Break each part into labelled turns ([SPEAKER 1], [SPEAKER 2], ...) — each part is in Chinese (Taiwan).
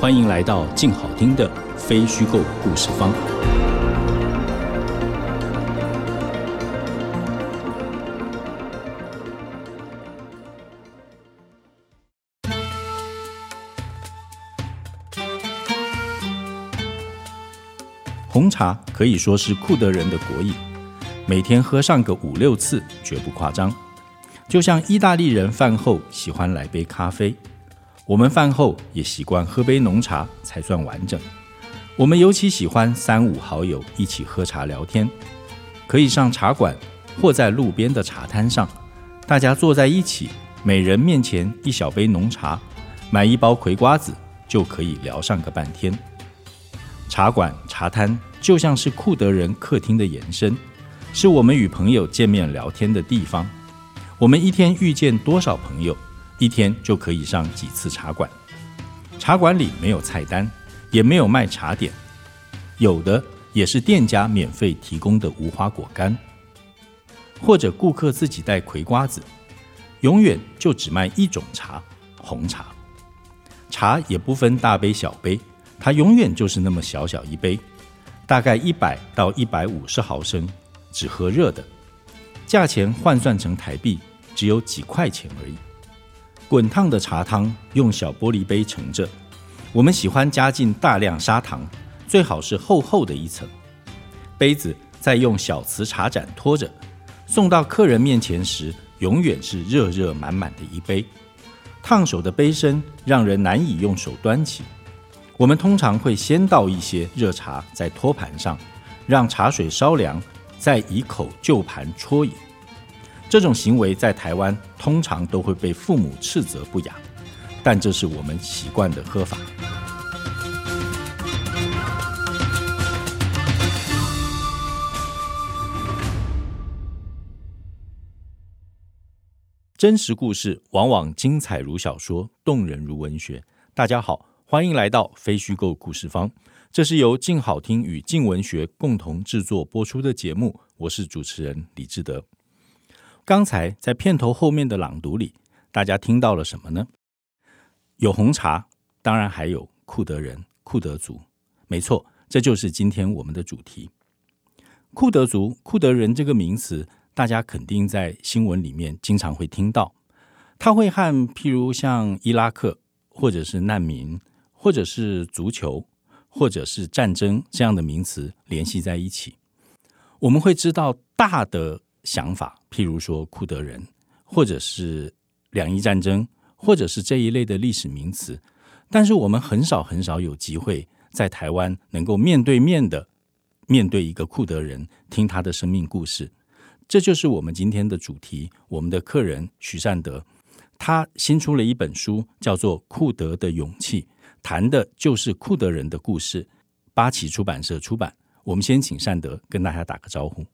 [SPEAKER 1] 歡迎來到靜好聽的非虛構故事坊。紅茶可以說是庫德人的國飲，每天喝上個五六次絕不誇張，就像意大利人飯後喜歡來杯咖啡。我們飯後也習慣喝杯濃茶才算完整。我們尤其喜歡三五好友一起喝茶聊天，可以上茶館，或在路邊的茶攤上，大家坐在一起，每人面前一小杯濃茶，買一包葵瓜子就可以聊上個半天。茶館、茶攤就像是庫德人客廳的延伸，是我們與朋友見面聊天的地方。我們一天遇見多少朋友？一天就可以上幾次茶館，茶館裡沒有菜單，也沒有賣茶點，有的也是店家免費提供的無花果乾，或者顧客自己帶葵瓜子。永遠就只賣一種茶，紅茶。茶也不分大杯小杯，它永遠就是那麼小小一杯，大概一百到一百五十毫升，只喝熱的。價錢換算成台幣，只有幾塊錢而已。滾燙的茶湯用小玻璃杯盛着，我們喜歡加進大量砂糖，最好是厚厚的一層。杯子再用小瓷茶盞托着，送到客人面前時，永遠是熱熱滿滿的一杯。燙手的杯身讓人難以用手端起，我們通常會先倒一些熱茶在托盤上，讓茶水稍涼，再以口就盤啜飲。這種行為在台灣通常都會被父母斥責不雅，但這是我們習慣的喝法。真實故事往往精彩如小說，動人如文學。大家好，歡迎來到非虛構故事坊，這是由靜好聽與靜文學共同制作播出的節目，我是主持人李志德。剛才在片頭後面的朗讀裡，大家聽到了什麼呢？有紅茶，當然還有庫德人、庫德族。沒錯，這就是今天我們的主題——庫德族、庫德人這個名詞，大家肯定在新聞裡面經常會聽到。它會和譬如像伊拉克，或者是難民，或者是足球，或者是戰爭這樣的名詞聯繫在一起。我們會知道大的，想法，譬如說庫德人，或者是兩伊戰爭，或者是這一類的歷史名詞，但是我們很少很少有機會在台灣能夠面對面的面對一個庫德人，聽他的生命故事。這就是我們今天的主題。我們的客人許善德，他新出了一本書，叫做《庫德的勇氣》，談的就是庫德人的故事。八旗出版社出版。我們先請善德跟大家打個招呼。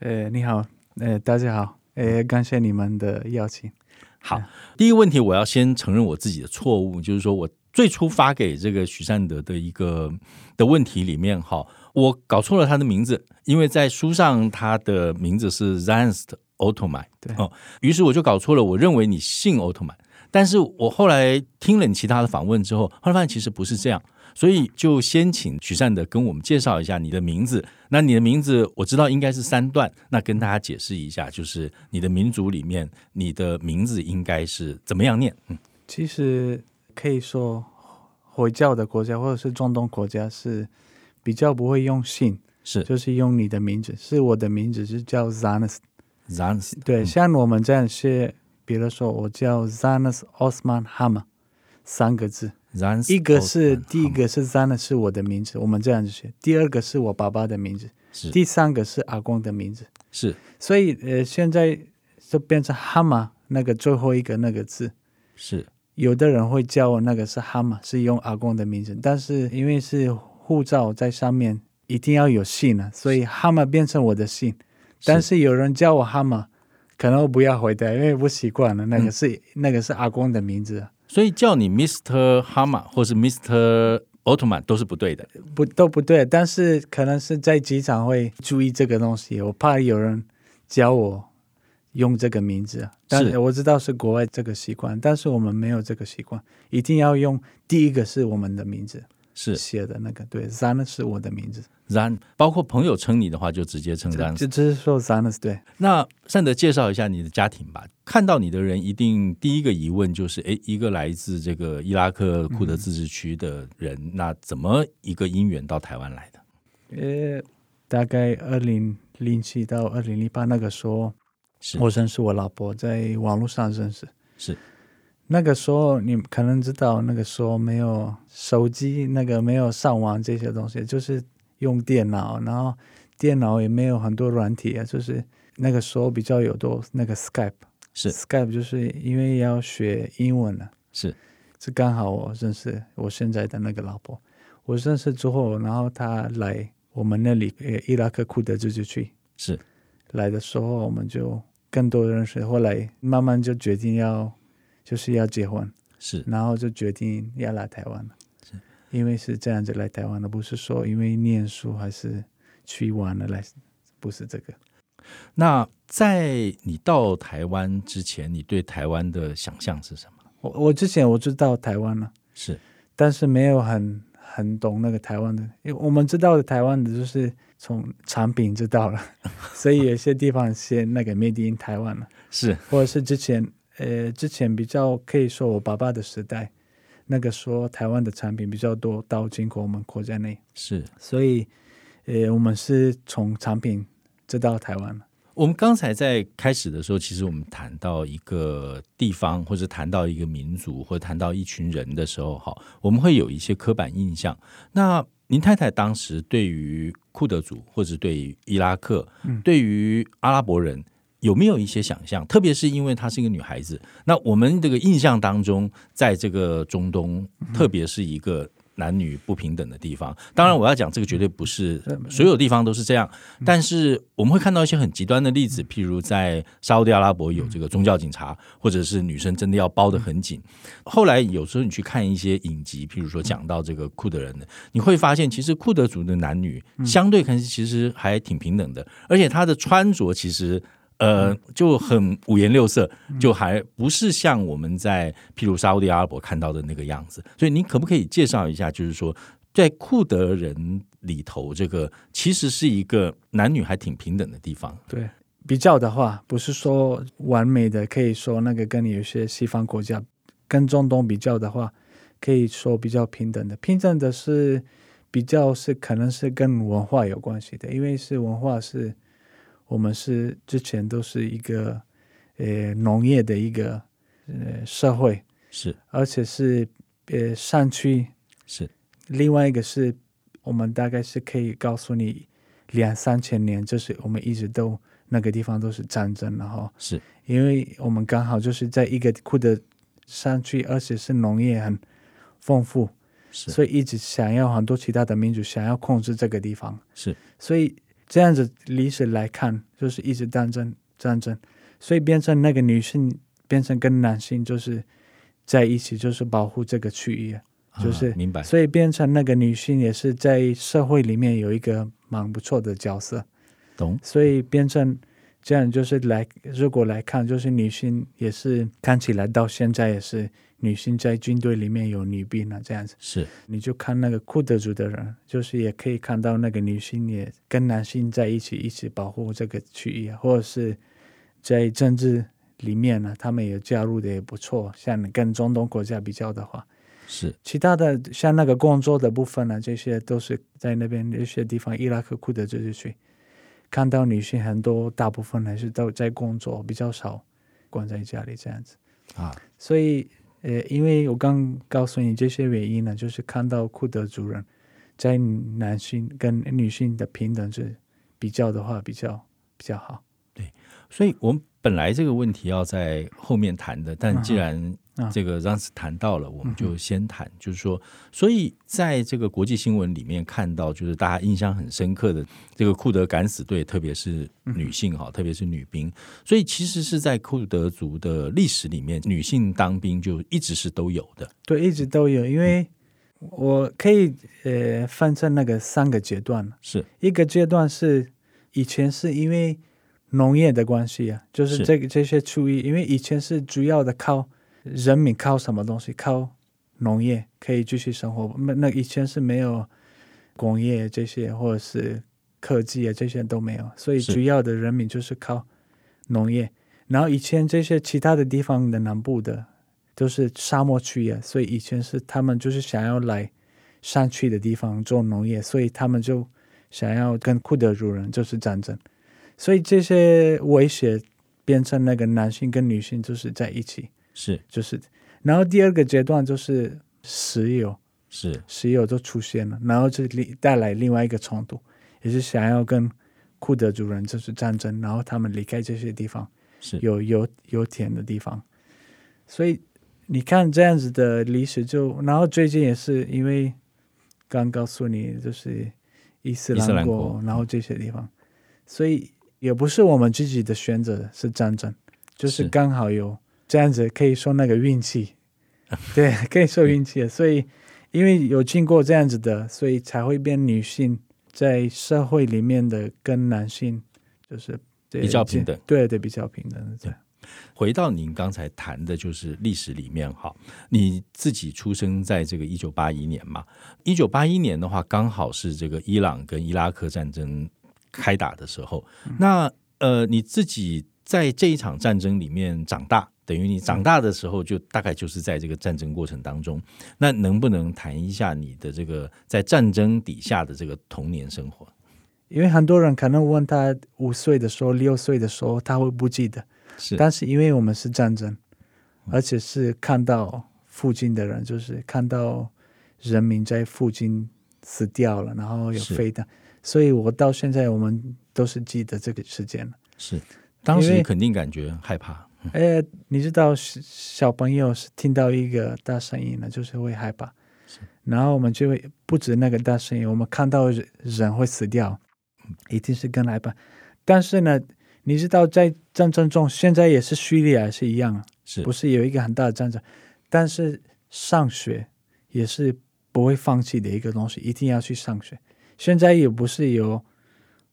[SPEAKER 1] 呃、欸，你好，呃、欸，大家好，呃、欸，感謝你們的邀請。好，嗯、第一個問題，我要先承認我自己的錯誤，就是說我最初發給這個許善德的一個的問題裡面，哈，我搞錯了他的名字，因為在書上他的名字是 Zans 的奧特曼，對，哦，於是我就搞錯了，我認為你姓奧特曼。但是我後來聽了你其他的訪問之後，後來發現其實不是這樣，所以就先請許善德跟我們介紹一下你的名字。那你的名字我知道應該是三段，那跟大家解釋一下，就是你的民族裡面，你的名字應該是怎麼樣念？嗯，
[SPEAKER 2] 其實可以說回教的國家或者是中東國家是比較不會用姓，是就是用你的名字，是我的名字是叫 Zanis，Zanis，對，像我們這樣是。嗯比如說，我叫 z a n u s Osman Hamma，三個字。a n s Z a ans , n 一個是 Os man，第一個是 z a n u s 是我的名字，我們這樣子寫，第二個是我爸爸的名字，是第三個是阿公的名字，是。所以呃，現在就變成 Hamma 那個最後一個那個字，是。有的人會叫我那個是 Hamma，是用阿公的名字，但是因為是護照在上面一定要有姓了，啊，所以 Hamma 變成我的姓。是。但是有人叫我 Hamma。可能我不要回答，因為不習慣了。那個是、嗯、那個是阿公的名字，
[SPEAKER 1] 所以叫你 Mister Hama 或是 Mister Ottoman 都是不對的，
[SPEAKER 2] 不都不對。但是可能是在機場會注意這個東西，我怕有人教我用這個名字，但是我知道是國外這個習慣，但是我們沒有這個習慣，一定要用第一個是我們的名字。是寫的那個，對，Zana 是我的名字
[SPEAKER 1] ，Zan 包括朋友稱你的話就直接稱 Zan，就只是
[SPEAKER 2] 說 Zan 是對。
[SPEAKER 1] 那善德介紹一下你的家庭吧。看到你的人一定第一個疑問就是：哎，一個來自這個伊拉克庫德自治區的人，嗯、那怎麼一個姻緣到台灣來的？
[SPEAKER 2] 呃，大概二零零七到二零零八那個時候，是。我生是我老婆，在網絡上認識。是。那個時候，你可能知道，那個時候沒有手機，那個沒有上網這些東西，就是用電腦，然後電腦也沒有很多軟體啊。就是那個時候比較有多那個 Skype，是 Skype，就是因為要學英文了。是，這剛好我認識我現在的那個老婆，我認識之後，然後她來我們那裡，呃，伊拉克庫德自治區。是，來的時候我們就更多認識，後來慢慢就決定要。就是要結婚，是，然後就決定要來台灣了，是，因為是這樣子來台灣的，不是說因為念書還是去玩的
[SPEAKER 1] 來，不是這個。那在你到台灣之前，你對台灣的想象是什麼？
[SPEAKER 2] 我我之前我知道台灣了，是，但是沒有很很懂那個台灣的，因為我們知道的台灣的就是從產品知道了， 所以有些地方先那個 made in 台灣了，是，或者是之前。呃，之前比較可以說我爸爸的時代，那個說台灣的產品比較多到進口我們國家內，是，所以，呃，我們是從產品知道台灣。
[SPEAKER 1] 我們剛才在開始的時候，其實我們談到一個地方，或者談到一個民族，或談到一群人的時候，哈，我們會有一些刻板印象。那您太太當時對於庫德族，或者對於伊拉克，嗯，對於阿拉伯人？有沒有一些想象？特別是因為她是一個女孩子。那我們這個印象當中，在這個中東，特別是一個男女不平等的地方。當然，我要講這個絕對不是所有地方都是這樣。但是我們會看到一些很極端的例子，譬如在沙烏地阿拉伯有這個宗教警察，或者是女生真的要包得很緊。後來有時候你去看一些影集，譬如說講到這個庫德人的，你會發現其實庫德族的男女相對可能其實還挺平等的，而且他的穿着其實。呃，就很五顏六色，就還不是像我們在譬如，沙烏地阿拉伯看到的那個樣子。所以，你可不可以介紹一下，就是說，在庫德人裡頭，這個其實是一個男女還挺平等的地方？
[SPEAKER 2] 對，比較的話，不是說完美的，可以說那個跟你有些西方國家跟中東比較的話，可以說比較平等的。平等的是比較是可能是跟文化有關係的，因為是文化是。我們是之前都是一個，呃，農業的一個呃社會，是，而且是呃山區，是。另外一個是我們大概是可以告訴你兩三千年，就是我們一直都那個地方都是戰爭，然後，是，因為我們剛好就是在一個庫的山區，而且是農業很豐富，是，所以一直想要很多其他的民族想要控制這個地方，是，所以。這樣子歷史來看，就是一直戰爭戰爭，所以變成那個女性變成跟男性就是在一起，就是保護這個區域，啊、就是明白。所以變成那個女性也是在社會裡面有一個蠻不錯的角色，懂。所以變成這樣就是來，如果來看就是女性也是看起來到現在也是。女性在軍隊裡面有女兵啊，這樣子是，你就看那個庫德族的人，就是也可以看到那個女性也跟男性在一起，一起保護這個區域，或者是在政治裡面呢，他們也加入的也不錯。像跟中東國家比較的話，是其他的像那個工作的部分呢，這些都是在那邊有些地方，伊拉克庫德族這些區看到女性很多，大部分還是都在工作，比較少關在家裡這樣子啊，所以。呃，因為我剛告訴你這些原因呢，就是看到庫德族人，在男性跟女性的平等這比較的話，比較比較好。對，
[SPEAKER 1] 所以我們本來這個問題要在後面談的，但既然。嗯這個上次談到了，我們就先談，嗯、哼就是說，所以在這個國際新聞裡面看到，就是大家印象很深刻的這個庫德敢死隊，特別是女性哈，特別是女兵。所以其實是在庫德族的歷史裡面，女性當兵就一直是都有的，
[SPEAKER 2] 對，一直都有。因為我可以呃分成那個三個階段，是一個階段是以前是因為農業的關係啊，就是這個、是這些區域，因為以前是主要的靠。人民靠什麼東西？靠農業可以繼續生活。那那以前是沒有工業這些，或者是科技啊這些都沒有，所以主要的人民就是靠農業。是然後以前這些其他的地方的南部的都、就是沙漠區啊，所以以前是他們就是想要來山區的地方做農業，所以他們就想要跟庫德族人就是戰爭。所以這些威脅變成那個男性跟女性就是在一起。是，就是，然後第二個階段就是石油，是石油就出現了，然後這裡帶來另外一個衝突，也是想要跟庫德族人就是戰爭，然後他們離開這些地方，是有油油田的地方，所以你看這樣子的歷史就，就然後最近也是因為剛告訴你就是伊斯蘭國，伊斯蘭國，然後這些地方，所以也不是我們自己的選擇，是戰爭，就是剛好有。這樣子可以說那個運氣，對，可以說運氣。 所以，因為有經過這樣子的，所以才會變女性在社會裡面的跟男性
[SPEAKER 1] 就是比較，比較平等。
[SPEAKER 2] 對對，比較平等。的這樣。
[SPEAKER 1] 回到您剛才談的，就是歷史裡面哈，你自己出生在這個一九八一年嘛，一九八一年的話剛好是這個伊朗跟伊拉克戰爭開打的時候。嗯、那呃，你自己在這一場戰爭裡面長大。等於你長大的時候，就大概就是在這個戰爭過程當中。那能不能談一下你的這個在戰爭底下的這個童年生活？
[SPEAKER 2] 因為很多人可能問他五歲的時候、六歲的時候，他會不記得。是，但是因為我們是戰爭，而且是看到附近的人，就是看到人民在附近死掉了，然後有飛彈，是所以我到現在我們都是記得這個事件。
[SPEAKER 1] 是，當時肯定感覺害怕。
[SPEAKER 2] 哎，你知道，小朋友是聽到一個大聲音呢，就是會害怕。是，然後我們就會不止那個大聲音，我們看到人會死掉，一定是更害怕。但是呢，你知道，在戰爭中，現在也是敘利亞是一樣，是不是有一個很大的戰爭？但是上學也是不會放棄的一個東西，一定要去上學。現在也不是有，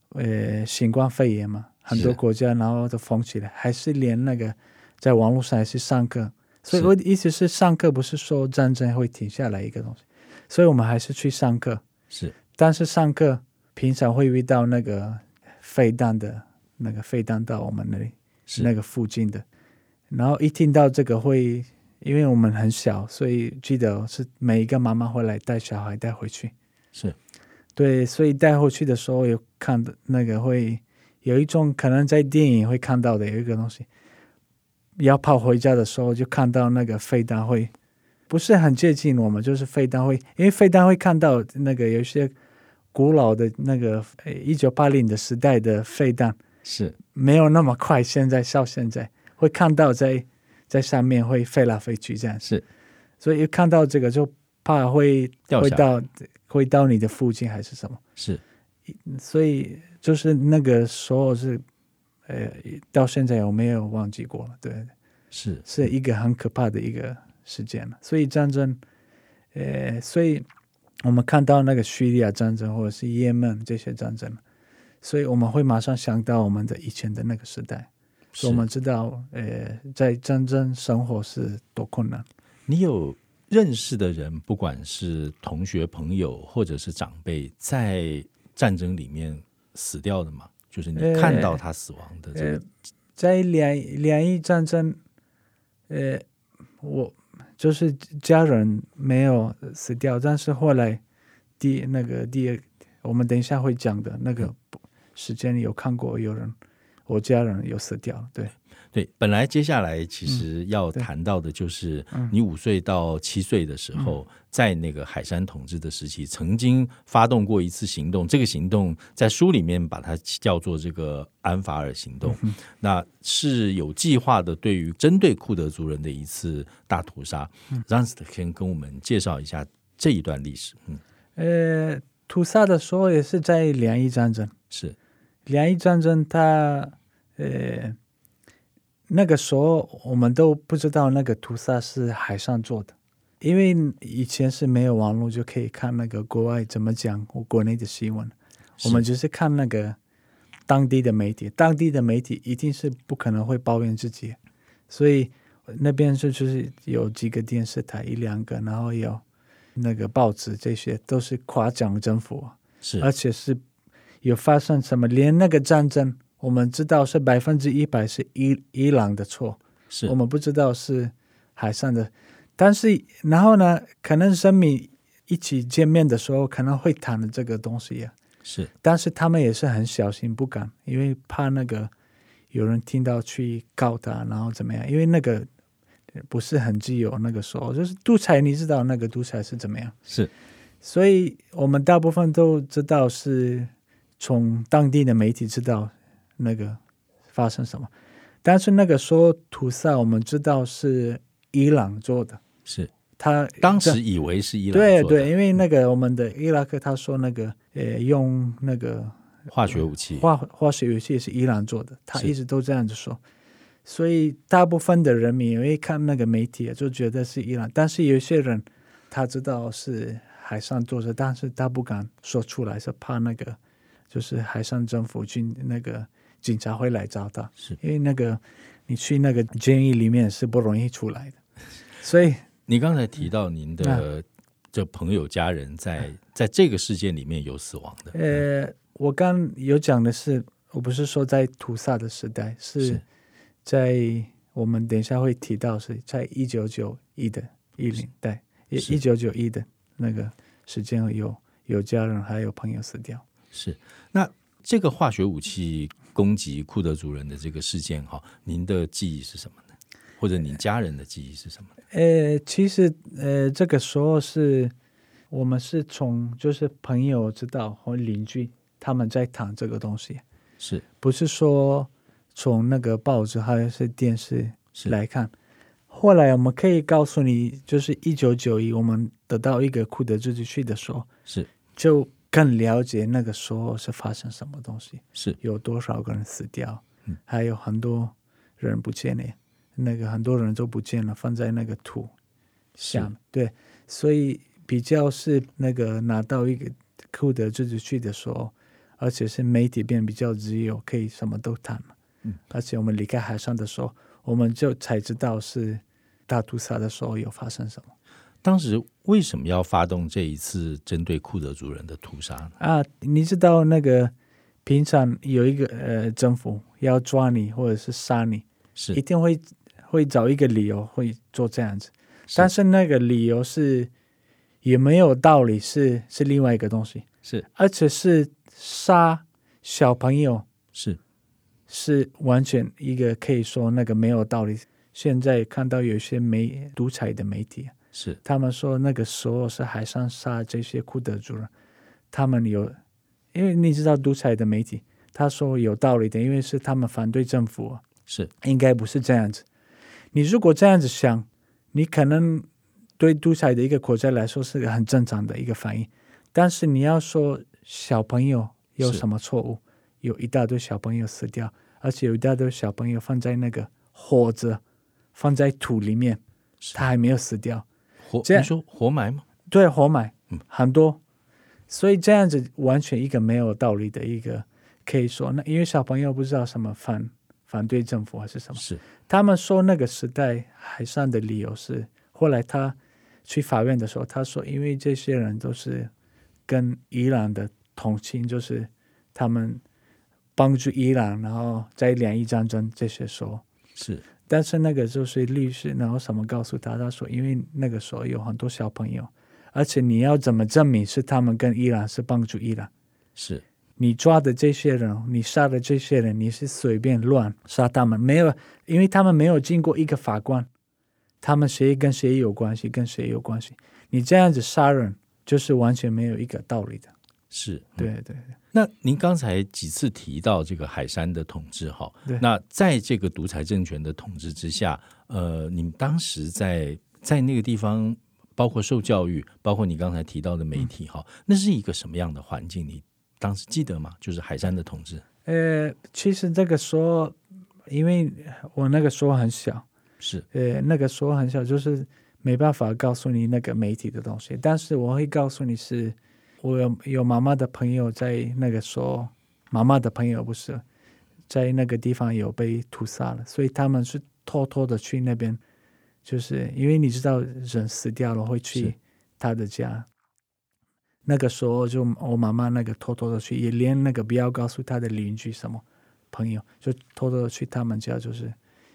[SPEAKER 2] 呃，新冠肺炎嗎？很多國家，然後都封起來，是還是連那個在網絡上還是上課。所以我的意思是，上課不是說戰爭會停下來一個東西，所以我們還是去上課。是，但是上課平常會遇到那個飛彈的那個飛彈到我們那裡，是那個附近的。然後一聽到這個會，因為我們很小，所以記得是每一個媽媽會來帶小孩帶回去。是，對，所以帶回去的時候有看的那個會。有一種可能在電影會看到的，有一個東西，要跑回家的時候就看到那個飛彈會不是很接近我們，就是飛彈會，因為飛彈會看到那個有一些古老的那個一九八零的時代的飛彈是沒有那麼快，現在到現在會看到在在上面會飛來飛去這樣是，所以一看到這個就怕會下會到會到你的附近還是什麼？是，所以。就是那個時候是，呃，到現在我沒有忘記過。對，是是一個很可怕的一個事件了。所以戰爭，呃，所以我們看到那個敘利亞戰爭或者是也門這些戰爭，所以我們會馬上想到我們的以前的那個時代。是所以我們知道，呃，在戰爭生活是多困難。
[SPEAKER 1] 你有認識的人，不管是同學、朋友，或者是長輩，在戰爭裡面。死掉的嘛，就是你看到他死亡的這
[SPEAKER 2] 個、呃呃，在兩兩伊戰爭，呃，我就是家人沒有死掉，但是後來第那個第二，我們等一下會講的那個時間裡有看過有人，我家人有死掉，對。
[SPEAKER 1] 對，本來接下來其實要談到的，就是你五歲到七歲的時候，嗯嗯、在那個海山統治的時期，曾經發動過一次行動。這個行動在書裡面把它叫做這個安法爾行動，嗯、哼那是有計劃的，對於針對庫德族人的一次大屠殺。讓斯特、嗯、跟我們介紹一下這一段歷史。嗯，
[SPEAKER 2] 呃，屠殺的時候也是在兩伊戰爭，是兩伊戰爭，他呃。那個時候我們都不知道那個屠殺是海珊做的，因為以前是沒有網絡就可以看那個國外怎麼講國內的新聞，
[SPEAKER 3] 是我們只
[SPEAKER 2] 是看那個當地的媒體，當地的媒體一定是不可能會抱怨自己，所以那邊是就是有幾個電視台一兩個，然後有那個報紙，這些都是誇獎政府，是而且是有發生什麼連那個戰爭。我們知道是百分之一百是伊伊朗的錯，是我們不知道是海上的。但是，然後呢，可能生米一起見面的時候可能會談的這個東西啊。是，但是他們也是很小心，不敢，因為怕那個有人聽到去告他，然後怎麼樣，因為那個不是很自由，那個時候就是獨裁，你知道那個獨裁是怎麼樣？是，所以我們大部分都知道是從當地的媒體知道。那個發生什麼？但是那個說屠殺，我們知道是伊朗做的是
[SPEAKER 1] 他當時以為是伊朗做的，對對，因
[SPEAKER 2] 為那個我們的伊拉克他說那個呃用那個
[SPEAKER 1] 化學武器化
[SPEAKER 2] 化學武器是伊朗做的，他一直都這樣子說，是所以大部分的人民因為看那個媒體、啊、就覺得是伊朗，但是有些人他知道是海珊做的，但是他不敢說出來，是怕那個就是海珊政府軍那個。警察會來找他，是因為那個你去那個監獄裡面是不容易出來的，所以
[SPEAKER 1] 你剛才提到您的這、呃、朋友家人在、呃、在這個事件裡面有死亡
[SPEAKER 2] 的。嗯、呃，我剛有講的是，我不是說在屠殺的時代，是在是我們等一下會提到是在一九九一的一零對，一九九一的那個時間有有家人還有朋友死掉。
[SPEAKER 1] 是，那這個化學武器。攻擊庫德族人的這個事件，哈，您的記憶是什麼呢？或者您家人的記憶是什麼呢？
[SPEAKER 2] 呃，其實，呃，這個時候是我們是從就是朋友知道和鄰居他們在談這個東西，是不是說從那個報紙還是電視來看？是後來我們可以告訴你，就是一九九一，我們得到一個庫德自治區的時候，是就。更了解那個時候是發生什麼東西，是有多少個人死掉，嗯、還有很多人不見了，那個很多人都不見了，放在那個土上，是對，所以比較是那個拿到一個庫德自己去的時候，而且是媒體變比較自由，可以什麼都談、嗯、而且我們離開海上的時候，我們就才知道是大屠殺的時候有發生什麼。
[SPEAKER 1] 當時為什麼要發動這一次針對庫德族人的屠殺呢？
[SPEAKER 2] 啊，你知道那個平常有一個呃政府要抓你或者是殺你，是一定會會找一個理由會做這樣子，是但是那個理由是也沒有道理是，是是另外一個東西，是而且是殺小朋友，是是完全一個可以說那個沒有道理。現在看到有些媒獨裁的媒體。是他們說那個時候是海上殺這些庫德族人，他們有，因為你知道獨裁的媒體，他說有道理的，因為是他們反對政府，是應該不是這樣子。你如果這樣子想，你可能對獨裁的一個國家來說是個很正常的一個反應，但是你要說小朋友有什麼錯誤，是有一大堆小朋友死掉，而且有一大堆小朋友放在那個活著，放在土裡面，是他還沒有死掉。樣說活埋嗎？對，活埋，嗯，很多，所以這樣子完全一個沒有道理的一個，可以說那因為小朋友不知道什麼反、反對政府還是什麼，是他們說那個時代海珊的理由是後來他去法院的時候，他說因為這些人都是跟伊朗的同情，就是他們幫助伊朗，然後在兩伊戰爭這些時候，是。但是那個就是律師，然後什麼告訴他？他說：“因為那個時候有很多小朋友，而且你要怎麼證明是他們跟伊朗是幫助伊朗？是你抓的這些人，你殺的這些人，你是隨便亂殺他們？沒有，因為他們沒有經過一個法官，他們誰跟誰有關係，跟誰有關係？你這樣子殺人就是完全沒有一個道理的。”
[SPEAKER 1] 是、嗯、對,對對，那您剛才幾次提到這個海珊的統治哈？對那在這個獨裁政權的統治之下，呃，你當時在在那個地方，包括受教育，包括你剛才提到的媒體哈，那是一個什麼樣的環境？你當時記得嗎？就是海珊的統治。
[SPEAKER 2] 呃，其實這個時候，因為我那個時候很小，是呃，那個時候很小，就是沒辦法告訴你那個媒體的東西，但是我會告訴你是。我有有媽媽的朋友在那個時候，媽媽的朋友不是在那個地方有被屠殺了，所以他們是偷偷的去那邊，就是因為你知道人死掉了會去他的家。是那個時候就我媽媽那個偷偷的去，也連那個不要告訴他的鄰居什麼朋友，就偷偷的去他們家，就是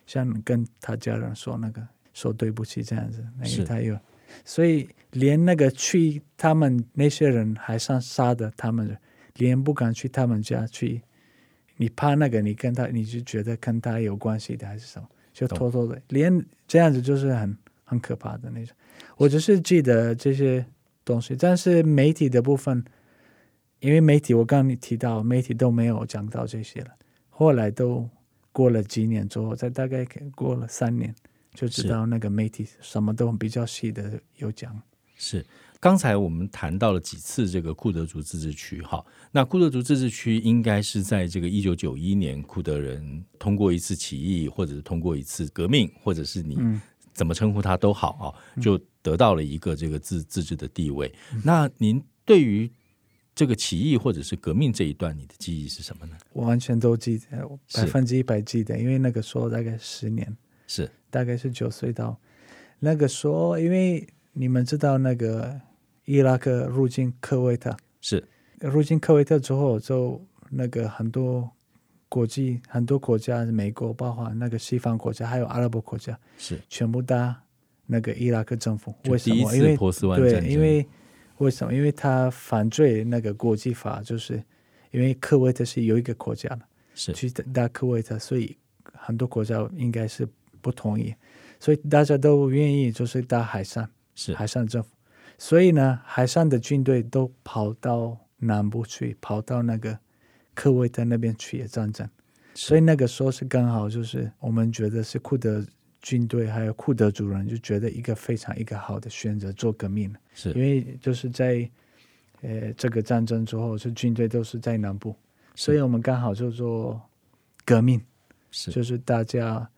[SPEAKER 2] 像跟他家人說那個說對不起這樣子，那個他有。所以連那個去他們那些人還想殺的他們，連不敢去他們家去，你怕那個你跟他，你就覺得跟他有關係的還是什麼，就偷偷的，懂連這樣子就是很很可怕的那種。我只是記得這些東西，但是媒體的部分，因為媒體我剛剛你提到媒體都沒有講到這些了，後來都過了幾年之後，再大概過了三年。就知道那個媒體什麼都比較細的有講。
[SPEAKER 1] 是，剛才我們談到了幾次這個庫德族自治區哈，那庫德族自治區應該是在這個一九九一年庫德人通過一次起義，或者是通過一次革命，或者是你怎麼稱呼他都好啊，嗯、就得到了一個這個自、嗯、自治的地位。那您對於這個起義或者是革命這一段，你的記憶是什麼呢？
[SPEAKER 2] 我完全都記得，百分之一百記得，是因為那個時候大概十年。是。大概是九歲到，那個時候，因為你們知道那個伊拉克入侵科威特是，入侵科威特之後，就那個很多國際很多國家，美國包括那個西方國家，還有阿拉伯國家是全部打那個伊拉克政府。為什麼？因為對，因為為什麼？因為他反對那個國際法，就是因為科威特是有一個國家的，是去打科威特，所以很多國家應該是。不同意，所以大家都不願意，就是打海珊，是海珊政府。所以呢，海珊的軍隊都跑到南部去，跑到那個科威特那邊去也戰爭。是所以那個時候是剛好，就是我們覺得是庫德軍隊還有庫德族人就覺得一個非常一個好的選擇做革命，是因為就是在呃這個戰爭之後，是軍隊都是在南部，是所以我們剛好就做革命，是就是大家。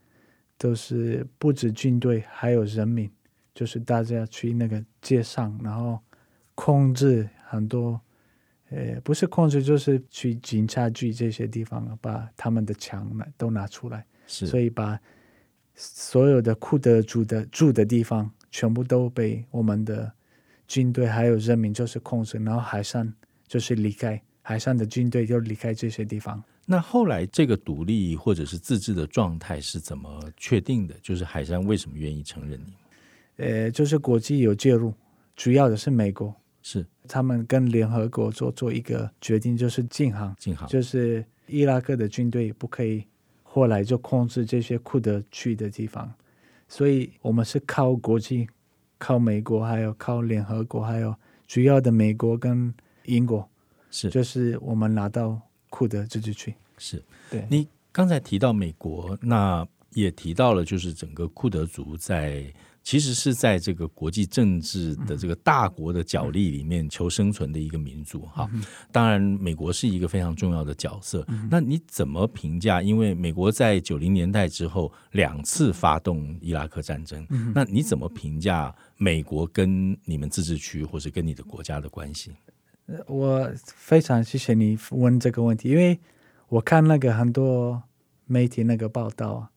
[SPEAKER 2] 都是不止軍隊，還有人民，就是大家去那個街上，然後控制很多，呃，不是控制，就是去警察局這些地方，把他們的槍拿都拿出來。是，所以把所有的庫德住的、住的地方，全部都被我們的軍隊還有人民就是控制，然後海珊就是離開，海珊的軍隊就離開這些地方。
[SPEAKER 1] 那後來這個獨立或者是自治的狀態是怎麼確定的？就是海珊為什麼願意承認你？呃，
[SPEAKER 2] 就是國際有介入，主要的是美國，是他們跟聯合國做做一個決定，就是禁航，禁航就是伊拉克的軍隊不可以後來就控制這些庫德區的地方，所以我們是靠國際，靠美國，還有靠聯合國，還有主要的美國跟英國，是，就是我們拿到。庫德自治區
[SPEAKER 1] 是對，你剛才提到美國，那也提到了，就是整個庫德族在其實是在這個國際政治的這個大國的角力裡面求生存的一個民族哈。當然，美國是一個非常重要的角色。嗯、哼那你怎麼評價？因為美國在九零年代之後兩次發動伊拉克戰爭，嗯、哼那你怎麼評價美國跟你們自治區或者跟你的國家的關係？
[SPEAKER 2] 我非常謝謝你問這個問題，因為我看那個很多媒體那個報道，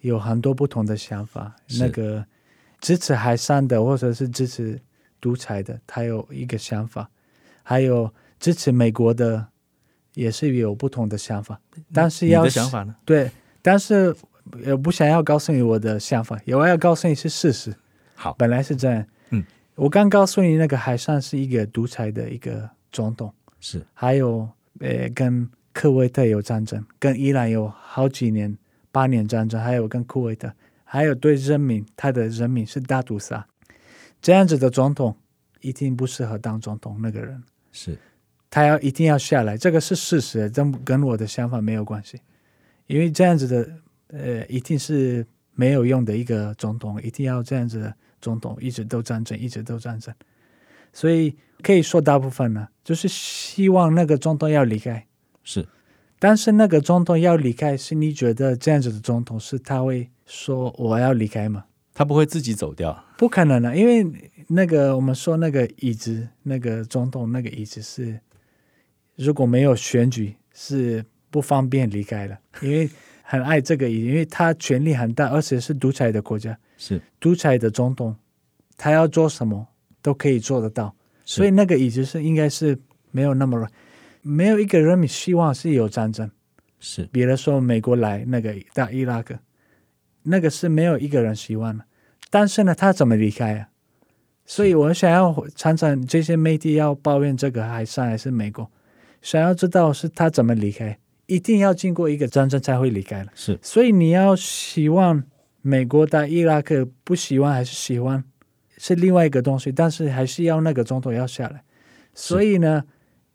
[SPEAKER 2] 有很多不同的想法。是那個支持海上的，或者是支持獨裁的，他有一個想法，還有支持美國的，也是有不同的想法。但是要是想法呢，對，但是我不想要告訴你我的想法，我要告訴你是事實。好，本來是這樣。我剛告訴你，那個海珊是一個獨裁的一個總統，是，還有呃，跟科威特有戰爭，跟伊朗有好幾年八年戰爭，還有跟庫威特，還有對人民，他的人民是大屠殺，這樣子的總統一定不適合當總統。那個人是，他要一定要下來，這個是事實，跟跟我的想法沒有關係，因為這樣子的呃，一定是沒有用的一個總統，一定要這樣子的。總統一直都戰爭，一直都戰爭，所以可以說大部分呢，就是希望那個總統要離開。是，但是那個總統要離開，是你覺得這樣子的總統，是他會說我要離開嗎？
[SPEAKER 1] 他不會自己走掉，
[SPEAKER 2] 不可能的啊，因為那個我們說那個椅子，那個總統那個椅子是如果沒有選舉，是不方便離開的，因為。 很愛這個椅子，因為他權力很大，而且是獨裁的國家。是獨裁的總統，他要做什麼都可以做得到。是所以那個椅子是應該是沒有那麼，沒有一個人希望是有戰爭。是，比如說美國來那個打伊拉克，那個是沒有一個人希望的。但是呢，他怎麼離開啊？所以，我想要常常這些媒體要抱怨這個海珊還是美國，想要知道是他怎麼離開。一定要經過一個戰爭才會離開了，是。所以你要希望美國打伊拉克，不希望還是喜歡，是另外一個東西。但是還是要那個總統要下來。是所以呢，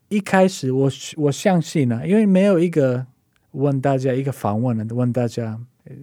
[SPEAKER 2] 一開始我我相信呢，因為沒有一個問大家一個訪問呢，問大家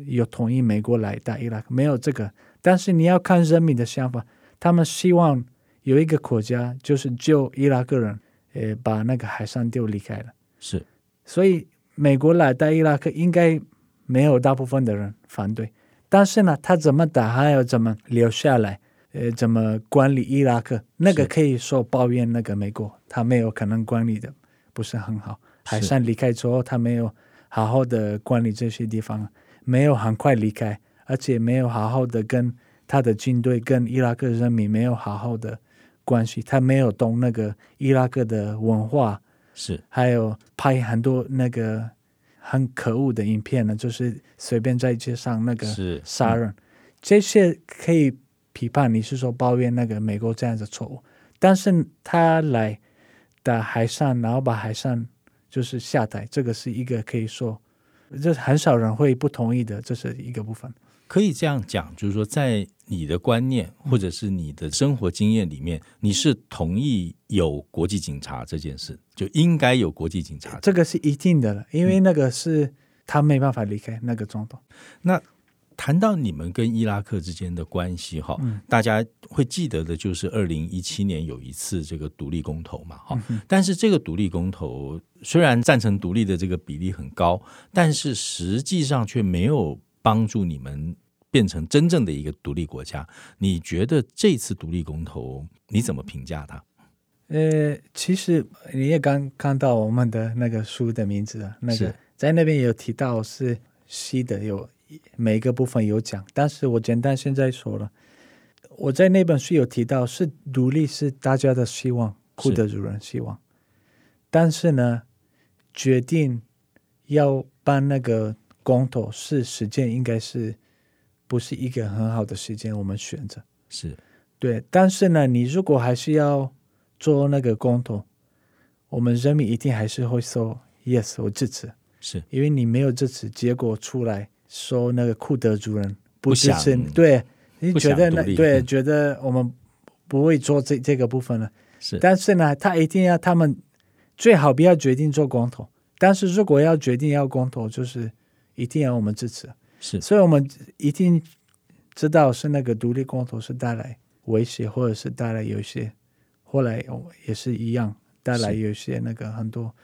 [SPEAKER 2] 有同意美國來打伊拉克沒有這個。但是你要看人民的想法，他們希望有一個國家就是救伊拉克人，呃，把那個海上丟離開了，是。所以。美國來到伊拉克，應該沒有大部分的人反對。但是呢，他怎麼打，還有怎麼留下來？呃，怎麼管理伊拉克？那個可以說抱怨那個美國，他沒有可能管理的不是很好。是海珊離開之後，他沒有好好的管理這些地方，沒有很快離開，而且沒有好好的跟他的軍隊、跟伊拉克人民沒有好好的關係。他沒有懂那個伊拉克的文化。是，還有拍很多那個很可惡的影片呢，就是隨便在街上那個殺人，是嗯、這些可以批判。你是說抱怨那個美國這樣的錯誤，但是他來打海珊，然後把海珊就是下台，這個是一個可以說，這、就是、很少人會不同意的，這是一個部分。
[SPEAKER 1] 可以這樣講，就是說，在你的觀念或者是你的生活經驗裡面，你是同意有國際警察這件事，就應該有國際警察，
[SPEAKER 2] 這個是一定的了，因為那個是他沒辦法離開、嗯、那個狀況。
[SPEAKER 1] 那談到你們跟伊拉克之間的關係哈，大家會記得的就是二零一七年有一次這個獨立公投嘛哈，但是這個獨立公投雖然贊成獨立的這個比例很高，但是實際上卻沒有。幫助你們變成真正的一個獨立國家，你覺得這次獨立公投你怎麼評價它？
[SPEAKER 2] 呃，其實你也剛看到我們的那個書的名字啊，那個是在那邊有提到是西的，有每一個部分有講，但是我簡單現在說了，我在那本書有提到是獨立是大家的希望，庫德族人希望，是但是呢，決定要幫那個。公投是時間，應該是不是一個很好的時間。我們選擇是對，但是呢，你如果還是要做那個公投，我們人民一定還是會說 yes，我支持。是，因為你沒有支持，結果出來說那個庫德族人不支持你，想對，你覺得呢？嗯、對，覺得我們不會做這這個部分了。是，但是呢，他一定要他們最好不要決定做公投，但是如果要決定要公投，就是。一定要我們支持，是，所以我們一定知道是那個獨立公投是帶來威脅，或者是帶來有些，後來也是一樣帶來有些那個很多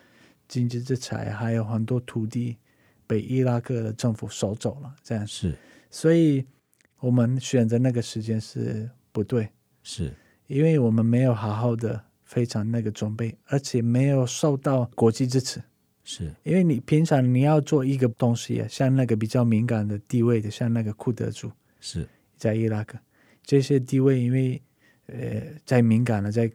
[SPEAKER 2] 經濟制裁，還有很多土地被伊拉克的政府收走了，這樣是，所以我們選擇那個時間是不對，是，因為我們沒有好好的非常那個準備，而且沒有受到國際支持。是，因為你平常你要做一個東西啊，像那個比較敏感的地位的，像那個庫德族，是在伊拉克，這些地位因為，呃，在敏感的，在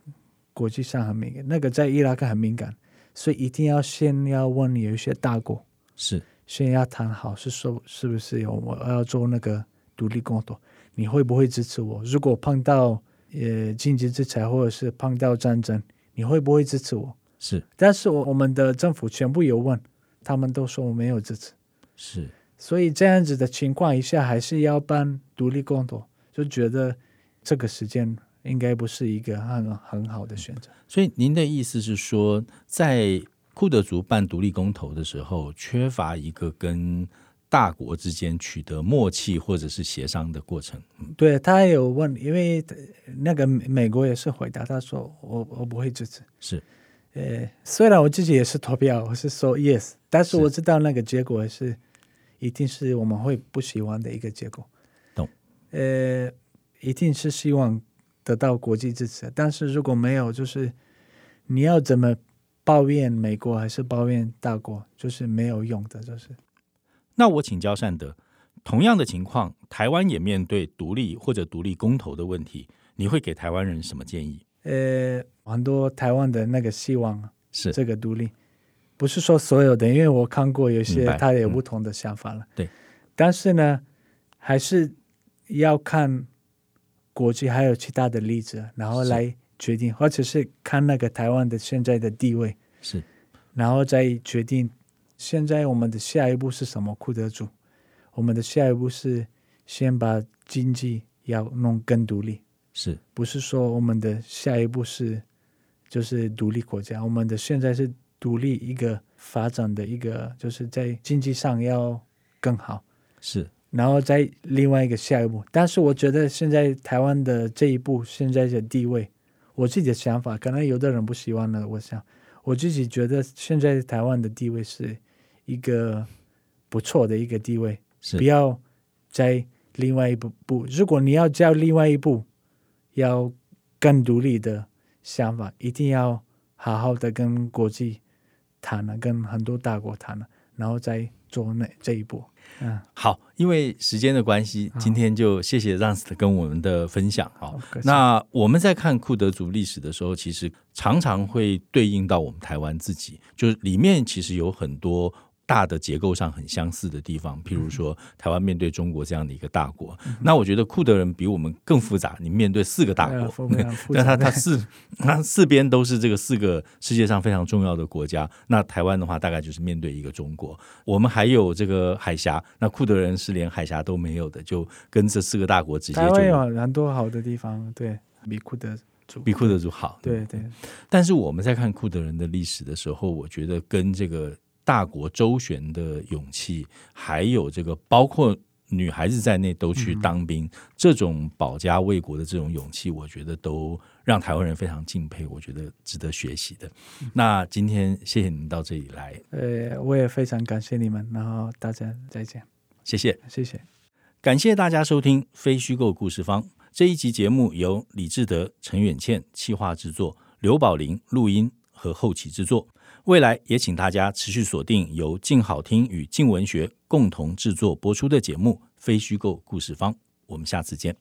[SPEAKER 2] 國際上很敏感，那個在伊拉克很敏感，所以一定要先要問你有一些大國，是，先要談好是說是不是有我要做那個獨立公投，你會不會支持我？如果碰到呃經濟制裁或者是碰到戰爭，你會不會支持我？是，但是我我們的政府全部有問，他們都說我沒有支持，是，所以這樣子的情況一下還是要辦獨立公投，就覺得這個時間應該不是一個很很好的選擇。嗯。
[SPEAKER 1] 所以您的意思是說，在庫德族辦獨立公投的時候，缺乏一個跟大國之間取得默契或者是協商的過程。
[SPEAKER 2] 嗯。對，他有問，因為那個美國也是回答，他說我我不會支持，是。呃，雖然我自己也是投票，我是說 yes，但是我知道那個結果是，一定是我們會不喜歡的一個結果。懂。呃，一定是希望得到國際支持，但是如果沒有，就是你要怎麼抱怨美國還是抱怨大國，就是沒有用的，就是。
[SPEAKER 1] 那我請教善德，同樣的情況，台灣也面對獨立或者獨立公投的問題，你會給台灣人什麼建議？
[SPEAKER 2] 呃，很多台灣的那個希望是這個獨立，不是說所有的，因為我看過有些他有不同的想法了。嗯、對，但是呢，還是要看國際還有其他的例子，然後來決定，是或者是看那個台灣的現在的地位是，然後再決定現在我們的下一步是什麼。庫德族，我們的下一步是先把經濟要弄更獨立。是不是說我們的下一步是就是獨立國家？我們的現在是獨立一個發展的一個，就是在經濟上要更好。是，然後再另外一個下一步。但是我覺得現在台灣的這一步現在的地位，我自己的想法，可能有的人不喜歡了，我想我自己覺得現在台灣的地位是一個不錯的一個地位，是不要在另外一步步。如果你要叫另外一步。要更獨立的想法，一定要好好的跟國際談了，跟很多大國談了，然後再做那這一步。嗯，
[SPEAKER 1] 好，因為時間的關係，好今天就謝謝讓斯特跟我們的分享好。好，那我們在看庫德族歷史的時候，其實常常會對應到我們台灣自己，就是裡面其實有很多。大的結構上很相似的地方，譬如說台灣面對中國這樣的一個大國，嗯、哼那我覺得庫德人比我們更複雜。你面對四個大國，那、哎、他他四他四邊都是這個四個世界上非常重要的國家。那台灣的話，大概就是面對一個中國，我們還有這個海峽。那庫德人是連海峽都沒有的，就跟這四個大國直接就有
[SPEAKER 2] 蠻多好的地方。對，比庫德
[SPEAKER 1] 比庫德族好。對對。對但是我們在看庫德人的歷史的時候，我覺得跟這個。大國周旋的勇氣，還有這個包括女孩子在內都去當兵，嗯、這種保家衛國的這種勇氣，我覺得都讓台灣人非常敬佩，我覺得值得學習的。嗯、那今天謝謝您到這裡來，
[SPEAKER 2] 呃，我也非常感謝你們，然後大家再見，
[SPEAKER 1] 謝謝，謝謝，感謝大家收聽《非虛構故事坊》這一集節目，由李志德、陳遠倩企劃製作，劉寶林錄音和後期製作。未來也請大家持續鎖定由靜好聽與靜文學共同制作播出的節目《非虛構故事坊》，我們下次見。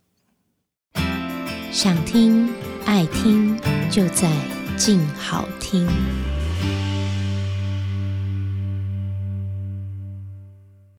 [SPEAKER 1] 想聽、愛聽，就在靜
[SPEAKER 3] 好聽。